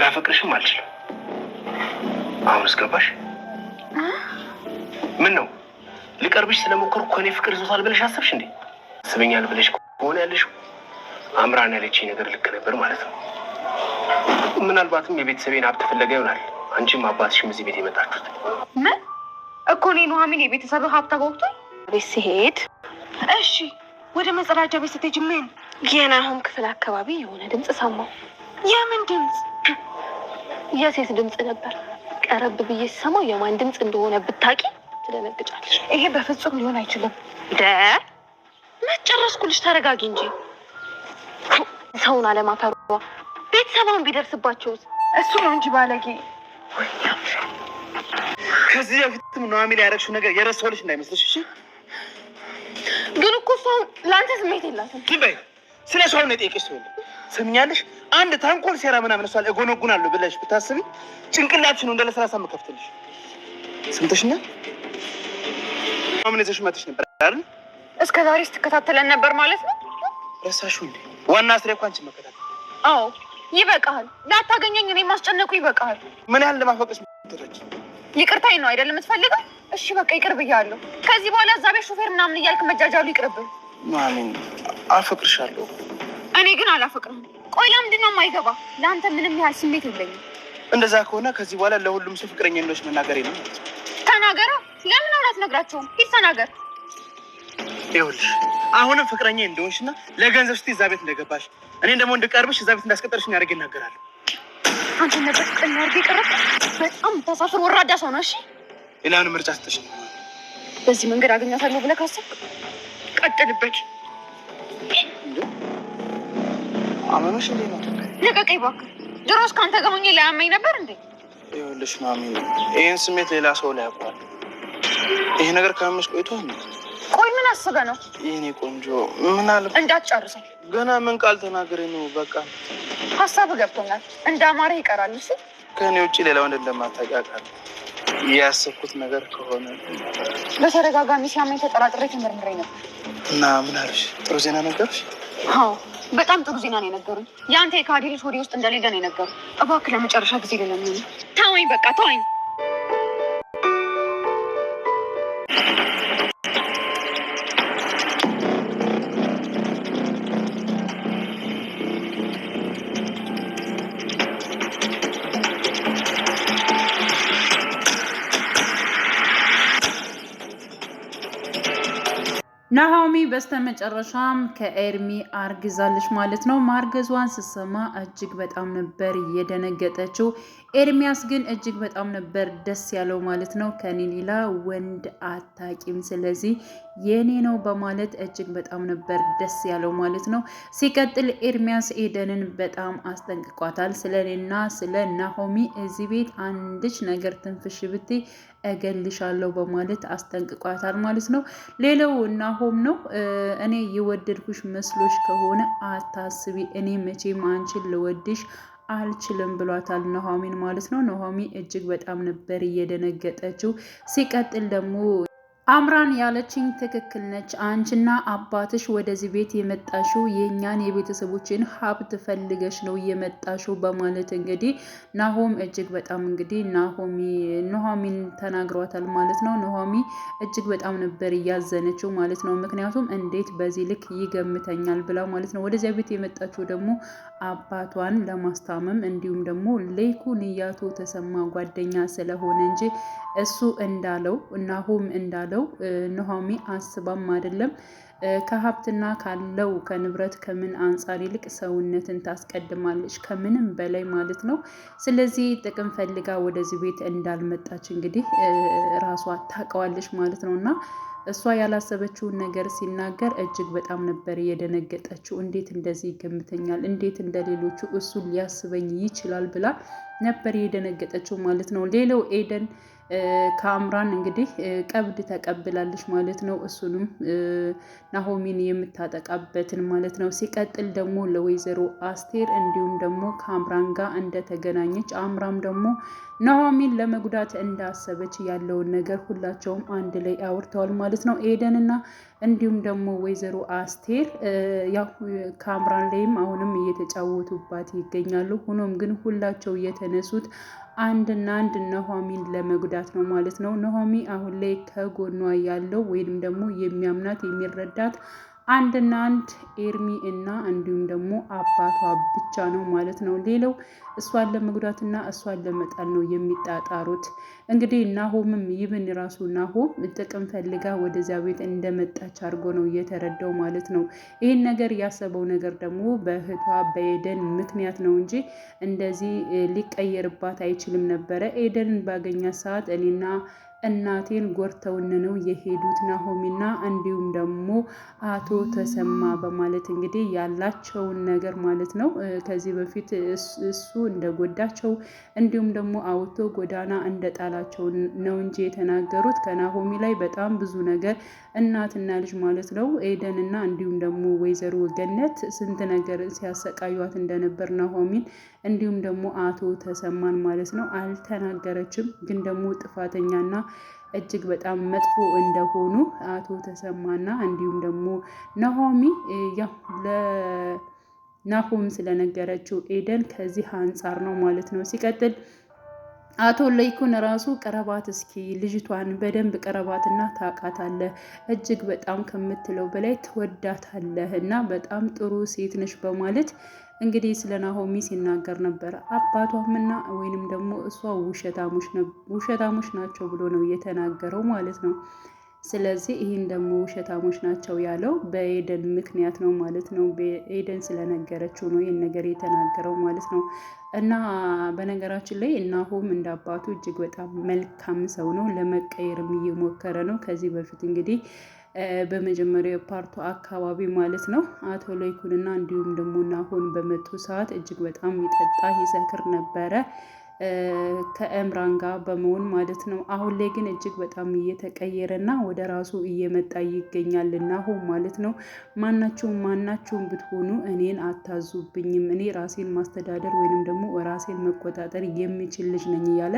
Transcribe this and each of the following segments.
ላፈቅርሽም አልችልም። አሁን እስገባሽ ምን ነው ልቀርብሽ ስለሞከርኩ ኮኔ ፍቅር ይዞታል ብለሽ አሰብሽ እንዴ? ስብኛል ብለሽ ከሆነ ያለሽው አምራን ያለች ነገር ልክ ነበር ማለት ነው። ምናልባትም የቤተሰቤን ሀብት ፍለጋ ይሆናል አንቺም አባትሽም እዚህ ቤት የመጣችሁት። ምን እኮ እኔ ኑሐሚን የቤተሰብ ሀብት አጓጉቶ ቤት ሲሄድ እሺ፣ ወደ መጸዳጃ ቤት ስትሄጂ ምን የናሆም ክፍል አካባቢ የሆነ ድምፅ ሰማሁ። የምን ድምፅ? የሴት ድምፅ ነበር። ቀረብ ብዬ ስሰማው የማን ድምፅ እንደሆነ ብታቂ ትደነግጫለሽ። ይሄ በፍጹም ሊሆን አይችልም። ደ መጨረስኩልሽ፣ ተረጋጊ እንጂ ሰውን አለማፈሯ ቤተሰባውን ቢደርስባቸውስ? እሱ ነው እንጂ ባለጌ። ከዚህ በፊትም ኑሐሚ ላይ ያደረግሽው ነገር የረሳሁልሽ እንዳይመስልሽ እሺ። ግን እኮ ሰውን ለአንተ ስሜት የላትም። ግን በይ ስለ ሰውን የጠየቀሽ ትሆን ሰምኛለሽ አንድ ታንኮል ሴራ ምናምን እሷ እጎነጉናለሁ ብለሽ ብታስቢ ጭንቅላትሽ ነው እንደ ለስላሳ የምከፍትልሽ። ስምተሽና ምን ይዘሽ መተሽ ነበር አይደል? እስከ ዛሬ ስትከታተለን ነበር ማለት ነው። ረሳሹ እንዴ? ዋና ስሬ እኮ አንቺን መከታተል። አዎ ይበቃሃል። ላታገኘኝ እኔ ማስጨነቁ ይበቃሃል። ምን ያህል ለማፈቅስ ደረጅ ይቅርታኝ ነው አይደል የምትፈልገው? እሺ በቃ ይቅር ብያለሁ። ከዚህ በኋላ እዛ ቤት ሾፌር ምናምን እያልክ መጃጃሉ ይቅርብን። ማሚን አፈቅርሻለሁ። እኔ ግን አላፈቅርም። ቆይ ለምንድን ነው የማይገባ? ለአንተ ምንም ያህል ስሜት የለኝም። እንደዛ ከሆነ ከዚህ በኋላ ለሁሉም ሰው ፍቅረኛ እንደሆነች መናገር ነው። ተናገራ። ለምን ነግራቸውም? ሂድ ተናገር። ይኸውልሽ አሁንም ፍቅረኛ እንደሆንሽ እና ለገንዘብ ስትይ እዛ ቤት እንደገባሽ እኔ ደግሞ እንድቀርብሽ እዛ ቤት እንዳስቀጠርሽ ያደርግ ይናገራሉ። አንተ ነበር ፍቅረኛ ቀረብ። በጣም ተሳፍር ወራዳ ሰው ነው። እሺ ሌላውን ምርጫ ስጥሽ። በዚህ መንገድ አገኛታለሁ ብለህ ካሰብክ ቀጥልበት። አመኖሽ እንዴ ነው? ልቀቀኝ እባክህ። ድሮስ ከአንተ ጋር ሆኜ ላያመኝ ነበር እንዴ? ይኸውልሽ ማሚ፣ ይህን ስሜት ሌላ ሰው ላይ ያባል። ይሄ ነገር ካመሽ ቆይቶ ቆይ ምን አስበህ ነው? የእኔ ቆንጆ ምናልባት እንዳትጨርሰው ገና ምን ቃል ተናግሬ ነው? በቃ ሀሳብ ገብቶኛል። እንደ አማረ ይቀራል ስ ከእኔ ውጭ ሌላ ወንድ እንደማታቃቃል ያሰብኩት ነገር ከሆነ በተደጋጋሚ ሲያመኝ ተጠራጥሬ ተመርምሬ ነበር። እና ምን አለሽ? ጥሩ ዜና ነገርሽ? አዎ በጣም ጥሩ ዜና ነው የነገሩኝ። የአንተ የካዲሪ ልጅ ሆዴ ውስጥ እንደሌለ ነው የነገሩ። እባክህ ለመጨረሻ ጊዜ ለለሚሆነ ታወኝ፣ በቃ ታወኝ። በስተመጨረሻም ከኤርሚ አርግዛለች ማለት ነው። ማርገዟን ስሰማ እጅግ በጣም ነበር የደነገጠችው። ኤርሚያስ ግን እጅግ በጣም ነበር ደስ ያለው ማለት ነው። ከኔ ሌላ ወንድ አታቂም፣ ስለዚህ የኔ ነው በማለት እጅግ በጣም ነበር ደስ ያለው ማለት ነው። ሲቀጥል ኤርሚያስ ኤደንን በጣም አስጠንቅቋታል። ስለኔና ስለ ናሆሚ እዚህ ቤት አንድች ነገር ትንፍሽ ብቴ እገልሻለሁ በማለት አስጠንቅቋታል ማለት ነው። ሌላው ናሆም ነው። እኔ የወደድኩሽ መስሎሽ ከሆነ አታስቢ፣ እኔ መቼም አንቺን ልወድሽ አልችልም ብሏታል ኑሐሚን ማለት ነው። ኑሐሚን እጅግ በጣም ነበር እየደነገጠችው። ሲቀጥል ደግሞ አምራን ያለችኝ ትክክል ነች። አንቺና አባትሽ ወደዚህ ቤት የመጣሽው የእኛን የቤተሰቦችን ሀብት ፈልገሽ ነው የመጣሽው በማለት እንግዲህ ናሆም እጅግ በጣም እንግዲህ ናሆሚ ኑሐሚን ተናግሯታል ማለት ነው። ኑሐሚ እጅግ በጣም ነበር እያዘነችው ማለት ነው። ምክንያቱም እንዴት በዚህ ልክ ይገምተኛል ብላ ማለት ነው። ወደዚያ ቤት የመጣችው ደግሞ አባቷን ለማስታመም እንዲሁም ደግሞ ሌይኩን እያቶ ተሰማ ጓደኛ ስለሆነ እንጂ እሱ እንዳለው ናሆም እንዳለው ያለው ኑሃሚ አስባም አይደለም ከሀብትና ካለው ከንብረት ከምን አንጻር ይልቅ ሰውነትን ታስቀድማለች፣ ከምንም በላይ ማለት ነው። ስለዚህ ጥቅም ፈልጋ ወደዚህ ቤት እንዳልመጣች እንግዲህ ራሷ ታውቀዋለች ማለት ነው እና እሷ ያላሰበችውን ነገር ሲናገር እጅግ በጣም ነበር የደነገጠችው። እንዴት እንደዚህ ይገምተኛል? እንዴት እንደሌሎቹ እሱን ሊያስበኝ ይችላል ብላ ነበር የደነገጠችው ማለት ነው። ሌላው ኤደን ከአምራን እንግዲህ ቀብድ ተቀብላለች ማለት ነው። እሱንም ናሆሚን የምታጠቃበትን ማለት ነው። ሲቀጥል ደግሞ ለወይዘሮ አስቴር እንዲሁም ደግሞ ከአምራን ጋር እንደተገናኘች አምራም ደግሞ ናሆሚን ለመጉዳት እንዳሰበች ያለውን ነገር ሁላቸውም አንድ ላይ አውርተዋል ማለት ነው። ኤደንና እንዲሁም ደግሞ ወይዘሮ አስቴር ያው ከአምራን ላይም አሁንም እየተጫወቱባት ይገኛሉ። ሆኖም ግን ሁላቸው የተነሱት አንድና አንድ ኑሐሚን ለመጉዳት ነው ማለት ነው። ኑሐሚ አሁን ላይ ከጎኗ ያለው ወይም ደግሞ የሚያምናት የሚረዳት አንድና አንድ ኤርሚ እና እንዲሁም ደግሞ አባቷ ብቻ ነው ማለት ነው። ሌላው እሷን ለመጉዳትና እሷን ለመጣል ነው የሚጣጣሩት። እንግዲህ ናሆምም ይብን ራሱ ናሆም ጥቅም ፈልጋ ወደዚያ ቤት እንደመጣች አድርጎ ነው የተረዳው ማለት ነው። ይህን ነገር ያሰበው ነገር ደግሞ በእህቷ በኤደን ምክንያት ነው እንጂ እንደዚህ ሊቀየርባት አይችልም ነበረ። ኤደንን ባገኛት ሰዓት እኔና እናቴን ጎርተውን ነው የሄዱት ናሆሚና እንዲሁም ደግሞ አቶ ተሰማ በማለት እንግዲህ ያላቸውን ነገር ማለት ነው ከዚህ በፊት እሱ እንደጎዳቸው እንዲሁም ደግሞ አውቶ ጎዳና እንደጣላቸው ነው እንጂ የተናገሩት ከናሆሚ ላይ በጣም ብዙ ነገር እናትና ልጅ ማለት ነው ኤደንና እንዲሁም ደግሞ ወይዘሮ ገነት ስንት ነገር ሲያሰቃዩት እንደነበር ናሆሚን እንዲሁም ደግሞ አቶ ተሰማን ማለት ነው አልተናገረችም። ግን ደግሞ ጥፋተኛና እጅግ በጣም መጥፎ እንደሆኑ አቶ ተሰማና እንዲሁም ደግሞ ናሆሚ ለናሆም ስለነገረችው ኤደን ከዚህ አንጻር ነው ማለት ነው። ሲቀጥል አቶ ለይኩን ራሱ ቅረባት፣ እስኪ ልጅቷን በደንብ ቅረባትና ታውቃታለህ፣ እጅግ በጣም ከምትለው በላይ ትወዳታለህ እና በጣም ጥሩ ሴት ነች በማለት እንግዲህ ስለ ናሆሚ ሲናገር ነበር። አባቷምና ወይንም ደግሞ እሷ ውሸታሞች ናቸው ብሎ ነው የተናገረው ማለት ነው። ስለዚህ ይህን ደግሞ ውሸታሞች ናቸው ያለው በኤደን ምክንያት ነው ማለት ነው። ኤደን ስለነገረችው ነው ይህን ነገር የተናገረው ማለት ነው። እና በነገራችን ላይ ናሆም እንደ አባቱ እጅግ በጣም መልካም ሰው ነው። ለመቀየርም እየሞከረ ነው። ከዚህ በፊት እንግዲህ በመጀመሪያው ፓርቱ አካባቢ ማለት ነው። አቶ ለይኩንና እንዲሁም ደግሞ ናሆን በመጡ ሰዓት እጅግ በጣም ይጠጣ ይሰክር ነበረ። ከእምራን ጋር በመሆን ማለት ነው። አሁን ላይ ግን እጅግ በጣም እየተቀየረና ወደ ራሱ እየመጣ ይገኛል ናሆም ማለት ነው። ማናችሁም ማናችሁም ብትሆኑ እኔን አታዙብኝም፣ እኔ ራሴን ማስተዳደር ወይንም ደግሞ ራሴን መቆጣጠር የሚችል ልጅ ነኝ እያለ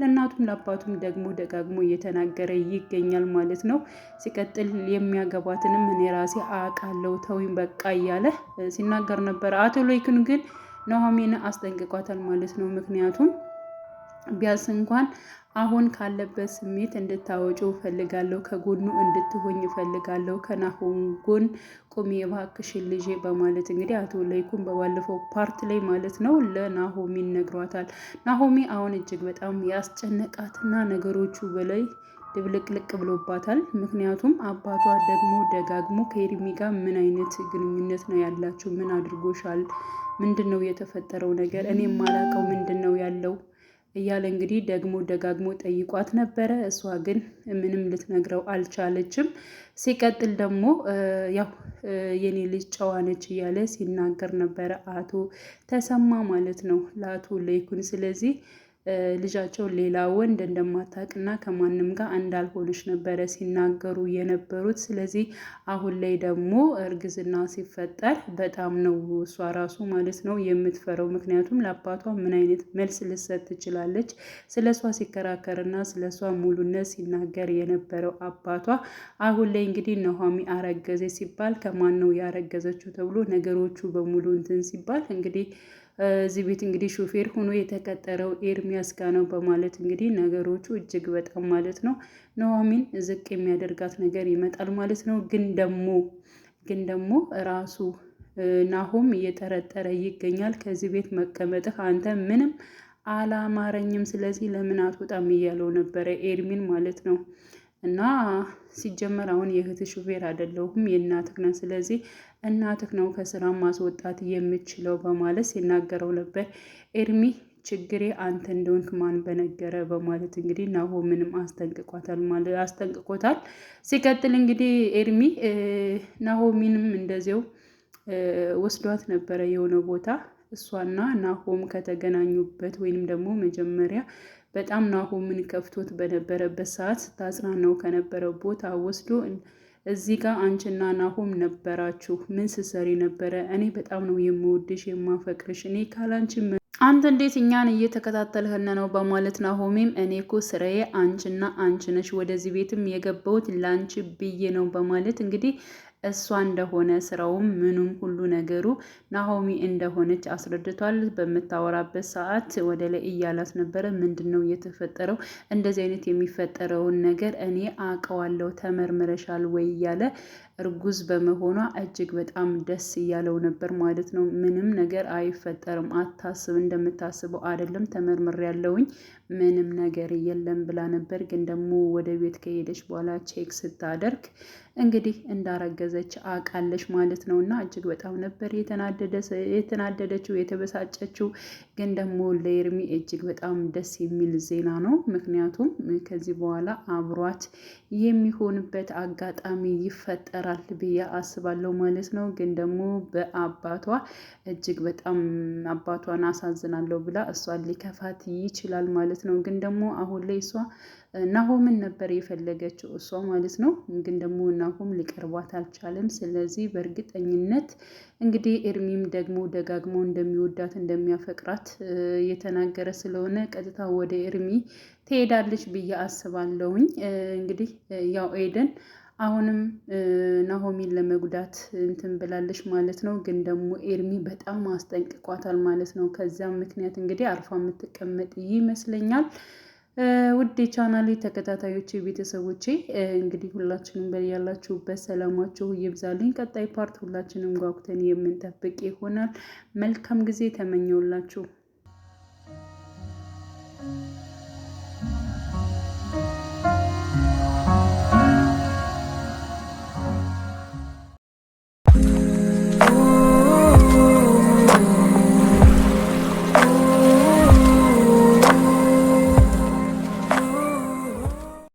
ለእናቱም ለአባቱም ደግሞ ደጋግሞ እየተናገረ ይገኛል ማለት ነው። ሲቀጥል የሚያገባትንም እኔ ራሴ አውቃለሁ ተውኝ በቃ እያለ ሲናገር ነበር። አቶ ሎይክን ግን ኑሐሚን አስጠንቅቋታል ማለት ነው። ምክንያቱም ቢያንስ እንኳን አሁን ካለበት ስሜት እንድታወጩ እፈልጋለሁ፣ ከጎኑ እንድትሆኝ እፈልጋለሁ፣ ከናሆም ጎን ቁሚ የባክሽን ልጄ በማለት እንግዲህ አቶ ለይኩን በባለፈው ፓርት ላይ ማለት ነው ለናሆሚ ነግሯታል። ናሆሚ አሁን እጅግ በጣም ያስጨነቃትና ነገሮቹ በላይ ድብልቅልቅ ብሎባታል። ምክንያቱም አባቷ ደግሞ ደጋግሞ ከኤርሚ ጋር ምን አይነት ግንኙነት ነው ያላችሁ? ምን አድርጎሻል ምንድን ነው የተፈጠረው ነገር እኔ የማላውቀው ምንድን ነው ያለው እያለ እንግዲህ ደግሞ ደጋግሞ ጠይቋት ነበረ። እሷ ግን ምንም ልትነግረው አልቻለችም። ሲቀጥል ደግሞ ያው የኔ ልጅ ጨዋነች እያለ ሲናገር ነበረ አቶ ተሰማ ማለት ነው ለአቶ ለይኩን ስለዚህ ልጃቸው ሌላ ወንድ እንደማታውቅና ከማንም ጋር እንዳልሆነች ነበረ ሲናገሩ የነበሩት። ስለዚህ አሁን ላይ ደግሞ እርግዝና ሲፈጠር በጣም ነው እሷ ራሱ ማለት ነው የምትፈረው። ምክንያቱም ለአባቷ ምን አይነት መልስ ልሰጥ ትችላለች? ስለ እሷ ሲከራከርና ስለ እሷ ሙሉነት ሲናገር የነበረው አባቷ አሁን ላይ እንግዲህ ኑሃሚ አረገዘ ሲባል ከማን ነው ያረገዘችው ተብሎ ነገሮቹ በሙሉ እንትን ሲባል እንግዲህ እዚህ ቤት እንግዲህ ሹፌር ሆኖ የተቀጠረው ኤርሚያስ ጋ ነው በማለት እንግዲህ ነገሮቹ እጅግ በጣም ማለት ነው ኑሐሚን ዝቅ የሚያደርጋት ነገር ይመጣል ማለት ነው። ግን ደግሞ ግን ደግሞ ራሱ ናሆም እየጠረጠረ ይገኛል። ከዚህ ቤት መቀመጥህ አንተ ምንም አላማረኝም፣ ስለዚህ ለምን አትወጣም እያለው ነበረ ኤርሚን ማለት ነው። እና ሲጀመር አሁን የእህት ሹፌር አይደለሁም የእናትህ ነህ፣ ስለዚህ እናትህ ነው ከስራ ማስወጣት የምችለው በማለት ሲናገረው ነበር። ኤርሚ ችግሬ አንተ እንደሆንክ ማን በነገረ በማለት እንግዲህ ምንም አስጠንቅቆታል ማለት አስጠንቅቆታል። ሲቀጥል እንግዲህ ኤርሚ ምንም እንደዚው ወስዷት ነበረ የሆነ ቦታ እሷና ናሆም ከተገናኙበት ወይንም ደግሞ መጀመሪያ በጣም ናሆምን ከፍቶት በነበረበት ሰዓት ስታጽናነው ከነበረው ቦታ ወስዶ እዚህ ጋር አንቺና ናሆም ነበራችሁ፣ ምን ስትሰሪ ነበረ? እኔ በጣም ነው የምወድሽ የማፈቅርሽ፣ እኔ ካላንቺ አንተ እንዴት እኛን እየተከታተልህን ነው? በማለት ናሆሜም እኔ እኮ ስራዬ አንቺና አንቺ ነሽ፣ ወደዚህ ቤትም የገባሁት ላንቺ ብዬ ነው በማለት እንግዲህ እሷ እንደሆነ ስራውም ምኑም ሁሉ ነገሩ ናሆሚ እንደሆነች አስረድቷል። በምታወራበት ሰዓት ወደ ላይ እያላት ነበረ። ምንድን ነው የተፈጠረው? እንደዚህ አይነት የሚፈጠረውን ነገር እኔ አውቀዋለሁ ተመርምረሻል ወይ እያለ እርጉዝ በመሆኗ እጅግ በጣም ደስ እያለው ነበር ማለት ነው። ምንም ነገር አይፈጠርም፣ አታስብ፣ እንደምታስበው አይደለም፣ ያለውኝ ምንም ነገር የለም ብላ ነበር። ግን ደግሞ ወደ ቤት ከሄደች በኋላ ቼክ ስታደርግ እንግዲህ እንዳረገዘች አውቃለች ማለት ነው። እና እጅግ በጣም ነበር የተናደደችው የተበሳጨችው። ግን ደግሞ ለኤርሚ እጅግ በጣም ደስ የሚል ዜና ነው። ምክንያቱም ከዚህ በኋላ አብሯት የሚሆንበት አጋጣሚ ይፈጠራል ይችላል ብዬ አስባለሁ ማለት ነው። ግን ደግሞ በአባቷ እጅግ በጣም አባቷን አሳዝናለሁ ብላ እሷን ሊከፋት ይችላል ማለት ነው። ግን ደግሞ አሁን ላይ እሷ ናሆምን ነበር የፈለገችው እሷ ማለት ነው። ግን ደግሞ ናሆም ሊቀርቧት አልቻለም። ስለዚህ በእርግጠኝነት እንግዲህ ኤርሚም ደግሞ ደጋግሞ እንደሚወዳት እንደሚያፈቅራት የተናገረ ስለሆነ ቀጥታ ወደ ኤርሚ ትሄዳለች ብዬ አስባለሁኝ። እንግዲህ ያው ኤደን አሁንም ናሆሚን ለመጉዳት እንትን ብላለች ማለት ነው። ግን ደግሞ ኤርሚ በጣም አስጠንቅቋታል ማለት ነው። ከዚያም ምክንያት እንግዲህ አርፋ የምትቀመጥ ይመስለኛል። ውድ የቻናሌ ተከታታዮች ቤተሰቦቼ እንግዲህ ሁላችንም በያላችሁበት ሰላማችሁ ይብዛልኝ። ቀጣይ ፓርት ሁላችንም ጓጉተን የምንጠብቅ ይሆናል። መልካም ጊዜ ተመኘውላችሁ።